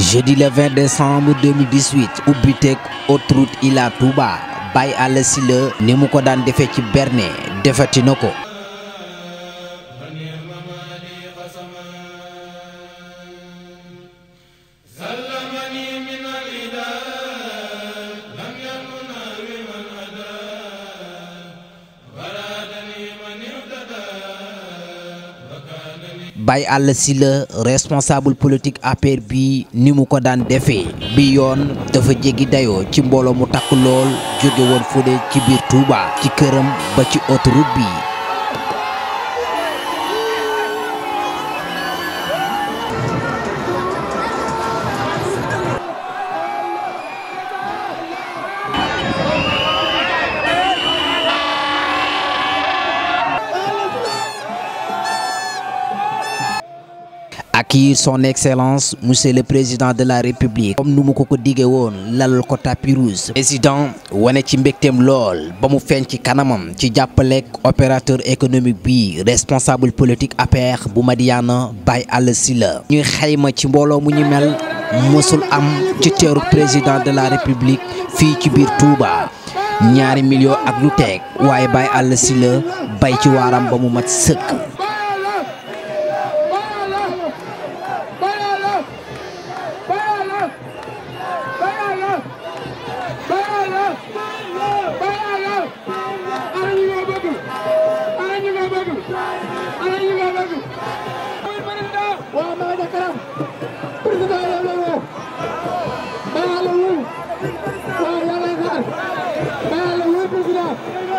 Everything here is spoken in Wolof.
jeudi le 20 décembre 2018 ubbiteeg autoroute Ila Touba Baye Alla Sylla ni mu ko daan defee ci berne defati na ko Baye Alla Sylla responsable politique APR bi ni mu ko daan defee bi yoon dafa jéggi dayoo ci mbooloo mu takk lool jóge woon fële ci biir Touba ci këram ba ci autoroute bi accueillir son excellence monsieur le président de la république comme nous mu ko ko won ko président wane ci mbégteem lool bamou kanamam ci opérateur économique bi responsable politique APR bu madiana Baye Alla ñuy xayma ci mbolo mu ñu mel am ci président de la république fi ci bir Touba ñaari millions ak lu teeg waye Baye Alla bay ci mat 없고 어,